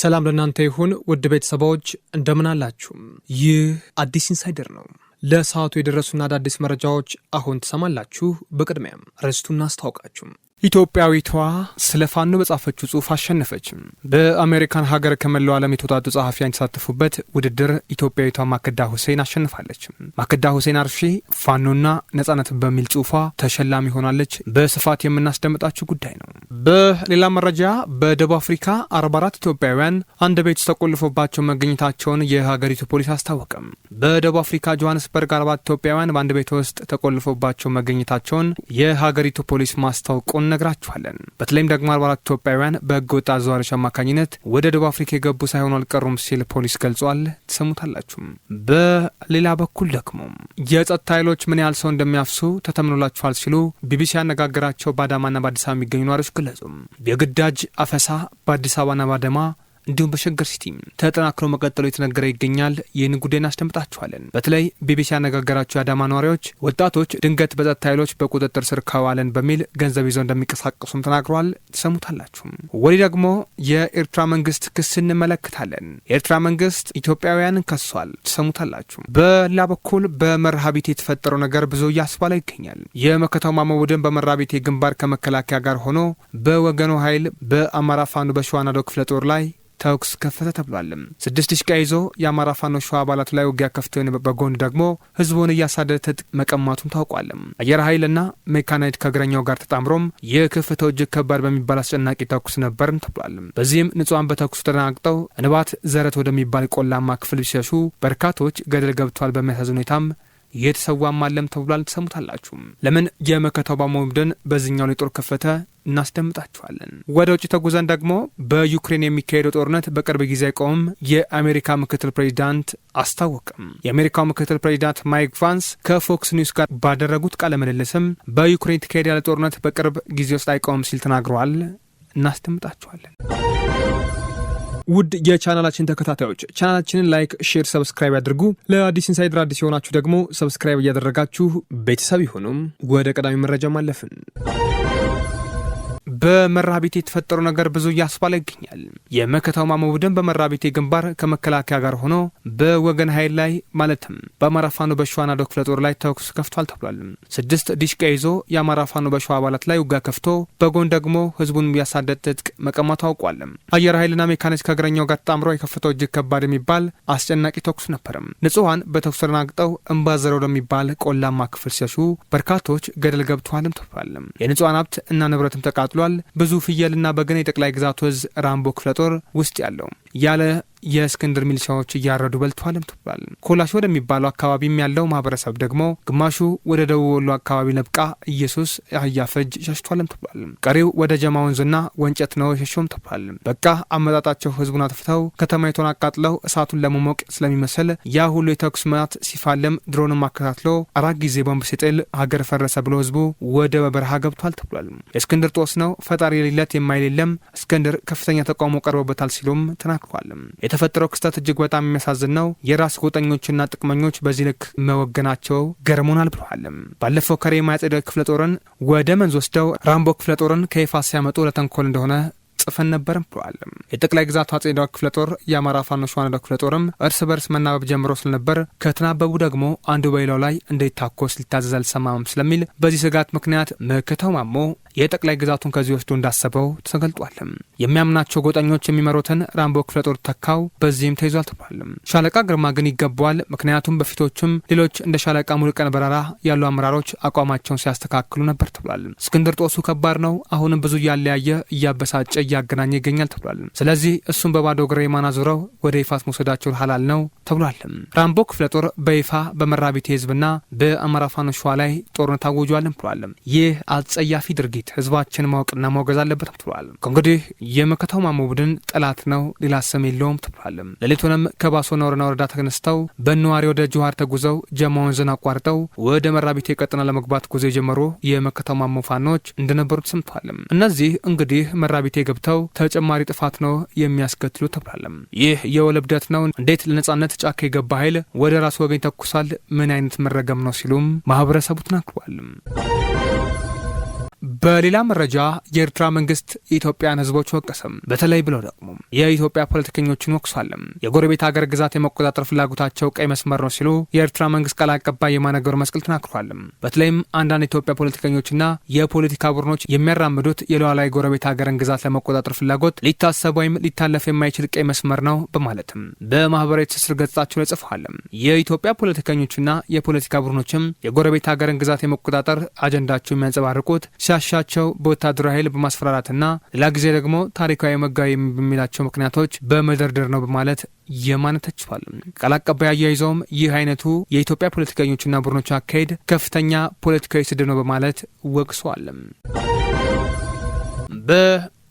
ሰላም ለእናንተ ይሁን ውድ ቤተሰባዎች እንደምን አላችሁም? ይህ አዲስ ኢንሳይደር ነው። ለሰዓቱ የደረሱና አዳዲስ መረጃዎች አሁን ትሰማላችሁ። በቅድሚያም ርዕስቱን እናስታውቃችሁ። ኢትዮጵያዊቷ ስለ ፋኖ በጻፈችው ጽሁፍ አሸነፈች። በአሜሪካን ሀገር ከመላው ዓለም የተወጣጡ ጸሐፊያን የተሳተፉበት ውድድር ኢትዮጵያዊቷ ማክዳ ሁሴን አሸንፋለች። ማክዳ ሁሴን አርሺ ፋኖና ነጻነት በሚል ጽሁፏ ተሸላሚ ሆናለች። በስፋት የምናስደምጣችው ጉዳይ ነው። በሌላ መረጃ በደቡብ አፍሪካ 44 ኢትዮጵያውያን አንድ ቤት ውስጥ ተቆልፎባቸው መገኘታቸውን የሀገሪቱ ፖሊስ አስታወቀም። በደቡብ አፍሪካ ጆሃንስበርግ 44 ኢትዮጵያውያን በአንድ ቤት ውስጥ ተቆልፎባቸው መገኘታቸውን የሀገሪቱ ፖሊስ ማስታወቁን እንነግራችኋለን። በተለይም ደግሞ አርባ ኢትዮጵያውያን በህገ ወጥ አዘዋሪዎች አማካኝነት ወደ ደቡብ አፍሪካ የገቡ ሳይሆኑ አልቀሩም ሲል ፖሊስ ገልጿል። ትሰሙታላችሁም። በሌላ በኩል ደግሞ የጸጥታ ኃይሎች ምን ያህል ሰው እንደሚያፍሱ ተተምኖላችኋል ሲሉ ቢቢሲ ያነጋገራቸው በአዳማና በአዲስ አበባ የሚገኙ ነዋሪዎች ገለጹም። የግዳጅ አፈሳ በአዲስ አበባና በአዳማ እንዲሁም በሸገር ሲቲም ተጠናክሮ መቀጠሉ የተነገረ ይገኛል። ይህን ጉዳይ እናስደምጣችኋለን። በተለይ ቢቢሲ ያነጋገራቸው የአዳማ ነዋሪዎች ወጣቶች ድንገት በጸጥታ ኃይሎች በቁጥጥር ስር ከዋለን በሚል ገንዘብ ይዘው እንደሚንቀሳቀሱም ተናግረዋል። ትሰሙታላችሁም። ወዲህ ደግሞ የኤርትራ መንግስት ክስ እንመለከታለን። የኤርትራ መንግስት ኢትዮጵያውያን ከሷል። ትሰሙታላችሁ። በሌላ በኩል በመርሃቤቴ የተፈጠረው ነገር ብዙ እያስባለ ይገኛል። የመከታው ማሞ ቡድን በመርሃቤቴ ግንባር ከመከላከያ ጋር ሆኖ በወገኑ ኃይል በአማራ ፋኑ በሸዋናዶ ክፍለ ጦር ላይ ተኩስ ከፈተ ተብሏልም። ስድስት ሽቃ ይዞ የአማራ ፋኖ ሸዋ አባላት ላይ ውጊያ ከፍትን፣ በጎን ደግሞ ህዝቡን እያሳደደ ትጥቅ መቀማቱም ታውቋልም። አየር ኃይልና ሜካናይድ ከእግረኛው ጋር ተጣምሮም የክፍተው እጅግ ከባድ በሚባል አስጨናቂ ተኩስ ነበርም ተብሏልም። በዚህም ንጹሐን በተኩሱ ተደናግጠው እንባት ዘረት ወደሚባል ቆላማ ክፍል ቢሸሹ በርካቶች ገደል ገብተዋል። በሚያሳዝን ሁኔታም የተሰዋም አለም ተብሏል። ትሰሙታላችሁም። ለምን የመከታው ባማ ቡድን በዚህኛውን የጦር ከፈተ እናስደምጣችኋለን። ወደ ውጭ ተጉዘን ደግሞ በዩክሬን የሚካሄደው ጦርነት በቅርብ ጊዜ አይቆምም የአሜሪካ ምክትል ፕሬዚዳንት አስታወቅም። የአሜሪካው ምክትል ፕሬዚዳንት ማይክ ቫንስ ከፎክስ ኒውስ ጋር ባደረጉት ቃለ ምልልስም በዩክሬን ተካሄደ ያለ ጦርነት በቅርብ ጊዜ ውስጥ አይቆምም ሲል ተናግረዋል። እናስደምጣችኋለን። ውድ የቻናላችን ተከታታዮች ቻናላችንን ላይክ፣ ሼር፣ ሰብስክራይብ ያድርጉ። ለአዲስ ኢንሳይደር አዲስ የሆናችሁ ደግሞ ሰብስክራይብ እያደረጋችሁ ቤተሰብ ይሁኑም። ወደ ቀዳሚ መረጃ ማለፍን በመራቤቴ የተፈጠረው ነገር ብዙ እያስባለ ይገኛል። የመከታው ማሞ ቡድን በመራቤቴ ግንባር ከመከላከያ ጋር ሆኖ በወገን ኃይል ላይ ማለትም በአማራ ፋኖ በሸዋ ናዶ ክፍለ ጦር ላይ ተኩስ ከፍቷል ተብሏል። ስድስት ዲሽቃ ይዞ የአማራ ፋኖ በሸዋ አባላት ላይ ውጋ ከፍቶ በጎን ደግሞ ህዝቡን የሚያሳደድ ትጥቅ መቀማቱ ታውቋል። አየር ኃይልና ሜካኒክ ከእግረኛው ጋር ጣምሮ የከፍተው እጅግ ከባድ የሚባል አስጨናቂ ተኩስ ነበርም። ንጹሐን በተኩስ ተደናግጠው እምባዘረው ለሚባል ቆላማ ክፍል ሲሸሹ በርካቶች ገደል ገብተዋልም ተብሏል። የንጹሐን ሀብት እና ንብረትም ተቃጥሎ ተከትሏል። ብዙ ፍየልና በገና የጠቅላይ ግዛት ወዝ ራምቦ ክፍለ ጦር ውስጥ ያለው ያለ የእስክንድር ሚሊሻዎች እያረዱ በልቷልም ትባል። ኮላሽ ወደሚባለው አካባቢም ያለው ማህበረሰብ ደግሞ ግማሹ ወደ ደቡብ ወሎ አካባቢ ነብቃ ኢየሱስ አህያ ፈጅ ሸሽቷልም ትባል። ቀሪው ወደ ጀማ ወንዝና ወንጨት ነው የሸሾም ትባል። በቃ አመጣጣቸው ህዝቡን አጥፍተው ከተማይቱን አቃጥለው እሳቱን ለመሞቅ ስለሚመስል ያ ሁሉ የተኩስ መናት ሲፋለም ድሮንም አከታትሎ አራት ጊዜ ቦምብ ሲጥል ሀገር ፈረሰ ብሎ ህዝቡ ወደ በበረሃ ገብቷል ትብሏል። የእስክንድር ጦስ ነው ፈጣሪ የሌለት የማይሌለም እስክንድር ከፍተኛ ተቃውሞ ቀርቦበታል ሲሉም ትና ተሳክቷል። የተፈጠረው ክስተት እጅግ በጣም የሚያሳዝን ነው። የራስ ጎጠኞችና ጥቅመኞች በዚህ ልክ መወገናቸው ገርሞናል ብለዋል። ባለፈው ከሬ ያጸደ ክፍለ ጦርን ወደ መንዝ ወስደው ራምቦ ክፍለ ጦርን ከይፋ ሲያመጡ ለተንኮል እንደሆነ ጽፈን ነበርም ብለዋል። የጠቅላይ ግዛት አጼ ዳዋ ክፍለ ጦር የአማራ ፋኖ ሸዋነዳ ክፍለ ጦርም እርስ በርስ መናበብ ጀምሮ ስለነበር ከተናበቡ ደግሞ አንዱ በሌላው ላይ እንደይታኮስ ሊታዘዝ አልሰማምም ስለሚል በዚህ ስጋት ምክንያት ምክተው ማሞ የጠቅላይ ግዛቱን ከዚህ ወስዶ እንዳሰበው ተገልጧል። የሚያምናቸው ጎጠኞች የሚመሩትን ራምቦ ክፍለ ጦር ተካው፣ በዚህም ተይዟል ተብሏል። ሻለቃ ግርማ ግን ይገባዋል። ምክንያቱም በፊቶችም ሌሎች እንደ ሻለቃ ሙሉቀን በራራ ያሉ አመራሮች አቋማቸውን ሲያስተካክሉ ነበር ተብሏል። እስክንድር ጦሱ ከባድ ነው። አሁንም ብዙ እያለያየ እያበሳጨ እያገናኘ ይገኛል ተብሏል። ስለዚህ እሱም በባዶ እግር የማና ዙረው ወደ ይፋት መውሰዳቸው ሀላል ነው ተብሏል። ራምቦ ክፍለ ጦር በይፋ በመራቢቴ ህዝብና በአማራ ፋኖ ሸዋ ላይ ጦርነት አወጇልም ብሏል። ይህ አጸያፊ ድርጊት ህዝባችን ማወቅና ማውገዝ አለበት ብሏል። ከእንግዲህ የመከተው ማሞ ቡድን ጠላት ነው፣ ሌላ ስም የለውም ተብሏል። ሌሊቱንም ከባሶና ወረና ወረዳ ተነስተው በነዋሪ ወደ ጅዋር ተጉዘው ጀማ ወንዝን አቋርጠው ወደ መራቢቴ ቀጠና ለመግባት ጉዞ የጀመሩ የመከተው ማሞ ፋኖች እንደነበሩ ተሰምቷል። እነዚህ እንግዲህ መራቢቴ ገብ ገብተው ተጨማሪ ጥፋት ነው የሚያስከትሉ ተብላለም። ይህ የወለብ ነው። እንዴት ለነጻነት ጫካ የገባ ኃይል ወደ ራሱ ወገን ይተኩሳል? ምን አይነት መረገም ነው ሲሉም ማህበረሰቡ ተናግሯል። በሌላ መረጃ የኤርትራ መንግስት የኢትዮጵያን ህዝቦች ወቀሰም። በተለይ ብለው ደግሞ የኢትዮጵያ ፖለቲከኞችን ወቅሷልም። የጎረቤት ሀገር ግዛት የመቆጣጠር ፍላጎታቸው ቀይ መስመር ነው ሲሉ የኤርትራ መንግስት ቃል አቀባይ የማነ ገብረ መስቀል ተናግሯልም። በተለይም አንዳንድ የኢትዮጵያ ፖለቲከኞችና የፖለቲካ ቡድኖች የሚያራምዱት የሉዓላዊ ጎረቤት ሀገርን ግዛት ለመቆጣጠር ፍላጎት ሊታሰብ ወይም ሊታለፍ የማይችል ቀይ መስመር ነው በማለትም በማህበራዊ ትስስር ገጻቸው ላይ ጽፏልም። የኢትዮጵያ ፖለቲከኞችና የፖለቲካ ቡድኖችም የጎረቤት ሀገርን ግዛት የመቆጣጠር አጀንዳቸው የሚያንጸባርቁት ሲያሽ ሲሻቸው በወታደራዊ ኃይል በማስፈራራትና ሌላ ጊዜ ደግሞ ታሪካዊ መጋቢ በሚላቸው ምክንያቶች በመደርደር ነው በማለት የማነ ተችቷል። ቃል አቀባይ አያይዘውም ይህ አይነቱ የኢትዮጵያ ፖለቲከኞችና ቡድኖች አካሄድ ከፍተኛ ፖለቲካዊ ስድብ ነው በማለት ወቅሷል።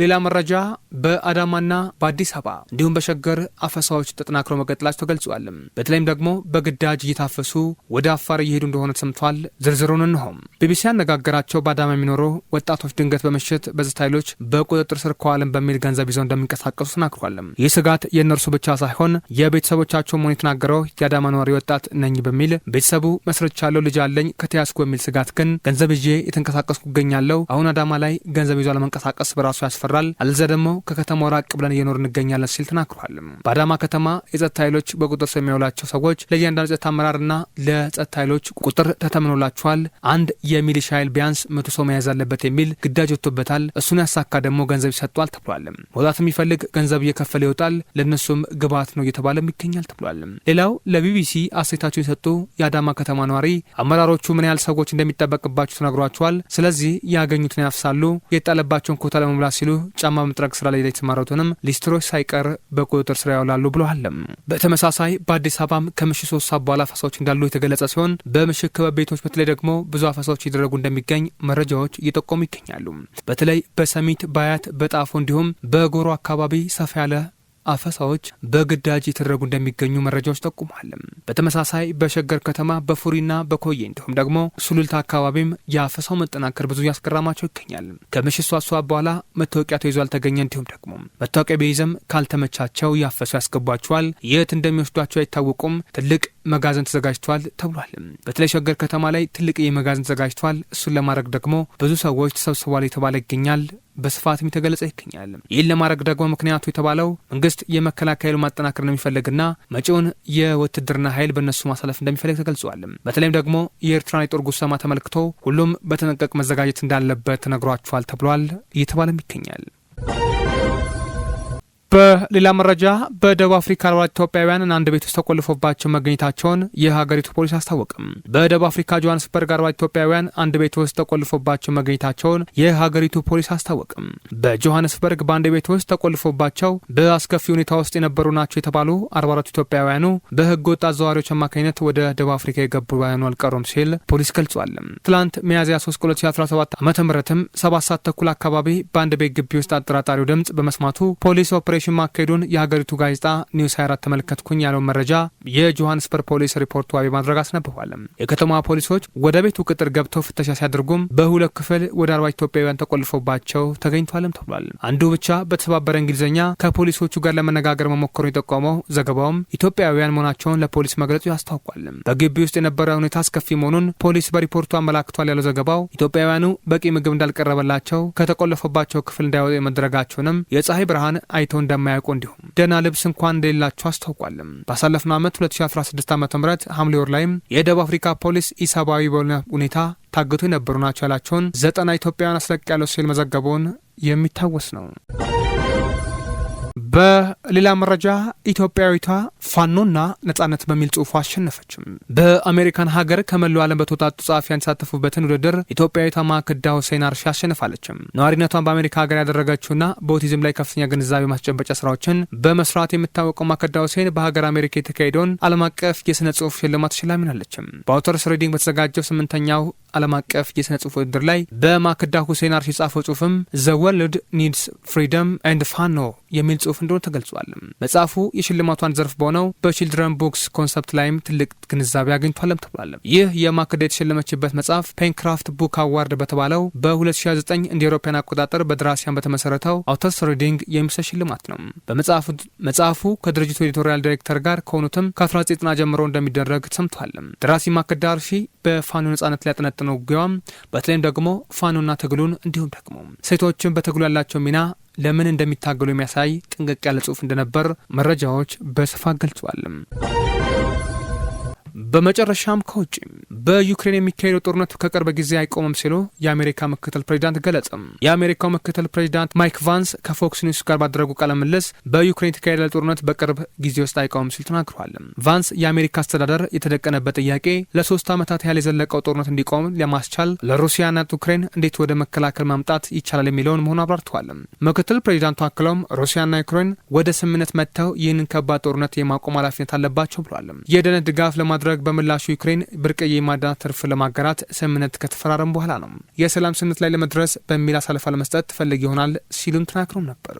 ሌላ መረጃ በአዳማና በአዲስ አበባ እንዲሁም በሸገር አፈሳዎች ተጠናክሮ መቀጠላቸው ተገልጿል። በተለይም ደግሞ በግዳጅ እየታፈሱ ወደ አፋር እየሄዱ እንደሆነ ተሰምቷል። ዝርዝሩን እንሆም። ቢቢሲ ያነጋገራቸው በአዳማ የሚኖሩ ወጣቶች ድንገት በምሽት በጸጥታ ኃይሎች በቁጥጥር ስር ከዋልን በሚል ገንዘብ ይዘው እንደሚንቀሳቀሱ ተናግሯል። ይህ ስጋት የእነርሱ ብቻ ሳይሆን የቤተሰቦቻቸው መሆን የተናገረው የአዳማ ነዋሪ ወጣት ነኝ በሚል ቤተሰቡ መስርቻለሁ፣ ልጅ አለኝ፣ ከተያዝኩ በሚል ስጋት ግን ገንዘብ ይዤ የተንቀሳቀስኩ ይገኛለሁ። አሁን አዳማ ላይ ገንዘብ ይዞ ለመንቀሳቀስ በራሱ ያስፈ ያስፈራል፣ አለዚያ ደግሞ ከከተማው ራቅ ብለን እየኖር እንገኛለን ሲል ተናግሯል። በአዳማ ከተማ የጸጥታ ኃይሎች በቁጥር ስር የሚያውላቸው ሰዎች ለእያንዳንዱ ጸጥታ አመራርና ለጸጥታ ኃይሎች ቁጥር ተተምኖላቸዋል። አንድ የሚሊሻ ኃይል ቢያንስ መቶ ሰው መያዝ አለበት የሚል ግዳጅ ወጥቶበታል። እሱን ያሳካ ደግሞ ገንዘብ ይሰጧል ተብሏል። መውጣት የሚፈልግ ገንዘብ እየከፈለ ይወጣል፣ ለእነሱም ግብዓት ነው እየተባለም ይገኛል ተብሏል። ሌላው ለቢቢሲ አስተያየታቸውን የሰጡ የአዳማ ከተማ ነዋሪ አመራሮቹ ምን ያህል ሰዎች እንደሚጠበቅባቸው ተነግሯቸዋል። ስለዚህ ያገኙትን ያፍሳሉ፣ የጣለባቸውን ኮታ ለመሙላት ሲሉ ጫማ መጥረግ ስራ ላይ የተማረቱንም ሊስትሮች ሳይቀር በቁጥጥር ስራ ያውላሉ ብለዋል። በተመሳሳይ በአዲስ አበባም ከምሽት ሶስት ሰዓት በኋላ አፈሳዎች እንዳሉ የተገለጸ ሲሆን በምሽት ክበብ ቤቶች በተለይ ደግሞ ብዙ አፈሳዎች እየደረጉ እንደሚገኝ መረጃዎች እየጠቆሙ ይገኛሉ። በተለይ በሰሚት፣ በአያት፣ በጣፎ እንዲሁም በጎሮ አካባቢ ሰፋ ያለ አፈሳዎች በግዳጅ የተደረጉ እንደሚገኙ መረጃዎች ጠቁሟል። በተመሳሳይ በሸገር ከተማ በፉሪና በኮዬ እንዲሁም ደግሞ ሱሉልታ አካባቢም የአፈሳው መጠናከር ብዙ ያስገራማቸው ይገኛል። ከምሽት ሷሷ በኋላ መታወቂያ ተይዞ አልተገኘ እንዲሁም ደግሞ መታወቂያ ቢይዘም ካልተመቻቸው ያፈሰው ያስገቧቸዋል። የት እንደሚወስዷቸው አይታወቁም። ትልቅ መጋዘን ተዘጋጅቷል ተብሏል። በተለይ ሸገር ከተማ ላይ ትልቅ የመጋዘን ተዘጋጅቷል። እሱን ለማድረግ ደግሞ ብዙ ሰዎች ተሰብስቧል የተባለ ይገኛል። በስፋትም የተገለጸ ይገኛል። ይህን ለማድረግ ደግሞ ምክንያቱ የተባለው መንግስት የመከላከያ ኃይሉ ማጠናከር እንደሚፈልግና መጪውን የውትድርና ኃይል በእነሱ ማሳለፍ እንደሚፈልግ ተገልጿል። በተለይም ደግሞ የኤርትራን የጦር ጉሰማ ተመልክቶ ሁሉም በተጠንቀቅ መዘጋጀት እንዳለበት ነግሯቸዋል ተብሏል እየተባለም ይገኛል። በሌላ መረጃ በደቡብ አፍሪካ አርባ ኢትዮጵያውያን አንድ ቤት ውስጥ ተቆልፎባቸው መገኘታቸውን የሀገሪቱ ፖሊስ አስታወቅም። በደቡብ አፍሪካ ጆሃንስበርግ አርባ ኢትዮጵያውያን አንድ ቤት ውስጥ ተቆልፎባቸው መገኘታቸውን የሀገሪቱ ፖሊስ አስታወቅም። በጆሃንስበርግ በአንድ ቤት ውስጥ ተቆልፎባቸው በአስከፊ ሁኔታ ውስጥ የነበሩ ናቸው የተባሉ አርባ አራት ኢትዮጵያውያኑ በህገ ወጥ አዘዋሪዎች አማካኝነት ወደ ደቡብ አፍሪካ የገቡ ባያኑ አልቀሩም ሲል ፖሊስ ገልጿል። ትላንት ሚያዝያ 3 2017 ዓ ም ሰባት ሰዓት ተኩል አካባቢ በአንድ ቤት ግቢ ውስጥ አጠራጣሪው ድምጽ በመስማቱ ፖሊስ ኦፕሬሽን ኦፕሬሽን ማካሄዱን የሀገሪቱ ጋዜጣ ኒውስ 24 ተመለከትኩኝ ያለውን መረጃ የጆሃንስበርግ ፖሊስ ሪፖርቱ ዋቢ ማድረግ አስነብቧል። የከተማ ፖሊሶች ወደ ቤቱ ቅጥር ገብተው ፍተሻ ሲያደርጉም በሁለት ክፍል ወደ አርባ ኢትዮጵያውያን ተቆልፎባቸው ተገኝቷልም ተብሏል። አንዱ ብቻ በተሰባበረ እንግሊዝኛ ከፖሊሶቹ ጋር ለመነጋገር መሞከሩን የጠቆመው ዘገባውም ኢትዮጵያውያን መሆናቸውን ለፖሊስ መግለጹ ያስታውቋል። በግቢ ውስጥ የነበረ ሁኔታ አስከፊ መሆኑን ፖሊስ በሪፖርቱ አመላክቷል ያለው ዘገባው ኢትዮጵያውያኑ በቂ ምግብ እንዳልቀረበላቸው ከተቆለፈባቸው ክፍል እንዳይወጡ የመደረጋቸውንም የፀሐይ ብርሃን አይተው እንደማያውቁ እንዲሁም ደህና ልብስ እንኳን እንደሌላቸው አስታውቋልም። ባሳለፍነው ዓመት 2016 ዓ ም ሐምሌ ወር ላይም የደቡብ አፍሪካ ፖሊስ ኢሰብአዊ በሆነ ሁኔታ ታግቶ የነበሩ ናቸው ያላቸውን ዘጠና ኢትዮጵያውያን አስለቅ ያለው ሲል መዘገበውን የሚታወስ ነው። በሌላ መረጃ ኢትዮጵያዊቷ ፋኖና ነጻነት በሚል ጽሁፉ አሸነፈችም። በአሜሪካን ሀገር ከመላው ዓለም በተውጣጡ ጸሐፊያን የተሳተፉበትን ውድድር ኢትዮጵያዊቷ ማክዳ ሁሴን አርሺ አሸንፋለችም። ነዋሪነቷን በአሜሪካ ሀገር ያደረገችውና በኦቲዝም ላይ ከፍተኛ ግንዛቤ ማስጨበጫ ስራዎችን በመስራት የምታወቀው ማክዳ ሁሴን በሀገር አሜሪካ የተካሄደውን ዓለም አቀፍ የሥነ ጽሁፍ ሽልማት ተሸላሚ ናለችም። በአውተርስ ሬዲንግ በተዘጋጀው ስምንተኛው ዓለም አቀፍ የሥነ ጽሁፍ ውድድር ላይ በማክዳ ሁሴን አርሺ የጻፈው ጽሁፍም ዘ ወርልድ ኒድስ ፍሪደም ኤንድ ፋኖ የሚል ጽሑፍ እንደሆነ ተገልጿል። መጽሐፉ የሽልማቷን ዘርፍ በሆነው በችልድረን ቡክስ ኮንሰፕት ላይም ትልቅ ግንዛቤ አግኝቷለም ተብሏል። ይህ የማክዳ የተሸለመችበት መጽሐፍ ፔንክራፍት ቡክ አዋርድ በተባለው በ2009 እንደ አውሮፓውያን አቆጣጠር በደራሲያን በተመሰረተው አውተርስ ሪዲንግ የሚሰጥ ሽልማት ነው። መጽሐፉ ከድርጅቱ ኤዲቶሪያል ዳይሬክተር ጋር ከሆኑትም ከ1990 ጀምሮ እንደሚደረግ ሰምቷል። ደራሲ ማክዳ አርሺ በፋኖ ነጻነት ላይ ያጠነጠነው ጉያም በተለይም ደግሞ ፋኖና ትግሉን እንዲሁም ደግሞ ሴቶችን በትግሉ ያላቸው ሚና ለምን እንደሚታገሉ የሚያሳይ ጥንቅቅ ያለ ጽሁፍ እንደነበር መረጃዎች በስፋት ገልጸዋል። በመጨረሻም ከውጭ በዩክሬን የሚካሄደው ጦርነቱ ከቅርብ ጊዜ አይቆምም ሲሉ የአሜሪካ ምክትል ፕሬዚዳንት ገለጸ። የአሜሪካው ምክትል ፕሬዚዳንት ማይክ ቫንስ ከፎክስ ኒውስ ጋር ባደረጉ ቃለ ምልልስ በዩክሬን የተካሄደ ጦርነት በቅርብ ጊዜ ውስጥ አይቆምም ሲሉ ተናግረዋል። ቫንስ የአሜሪካ አስተዳደር የተደቀነበት ጥያቄ ለሶስት ዓመታት ያህል የዘለቀው ጦርነት እንዲቆም ለማስቻል ለሩሲያና ዩክሬን እንዴት ወደ መከላከል ማምጣት ይቻላል የሚለውን መሆኑ አብራርተዋል። ምክትል ፕሬዚዳንቱ አክለውም ሩሲያና ዩክሬን ወደ ስምምነት መጥተው ይህንን ከባድ ጦርነት የማቆም ኃላፊነት አለባቸው ብሏል። የደህንነት ድጋፍ ለማድረግ ለማድረግ በምላሹ ዩክሬን ብርቅዬ የማዕድናት ትርፍ ለማጋራት ስምምነት ከተፈራረም በኋላ ነው። የሰላም ስምምነት ላይ ለመድረስ በሚል አሳልፋ ለመስጠት ትፈልግ ይሆናል ሲሉም ተናግረው ነበር።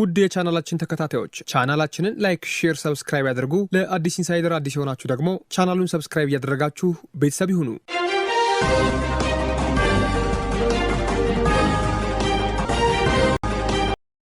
ውድ የቻናላችን ተከታታዮች ቻናላችንን ላይክ፣ ሼር፣ ሰብስክራይብ ያድርጉ። ለአዲስ ኢንሳይደር አዲስ የሆናችሁ ደግሞ ቻናሉን ሰብስክራይብ እያደረጋችሁ ቤተሰብ ይሁኑ።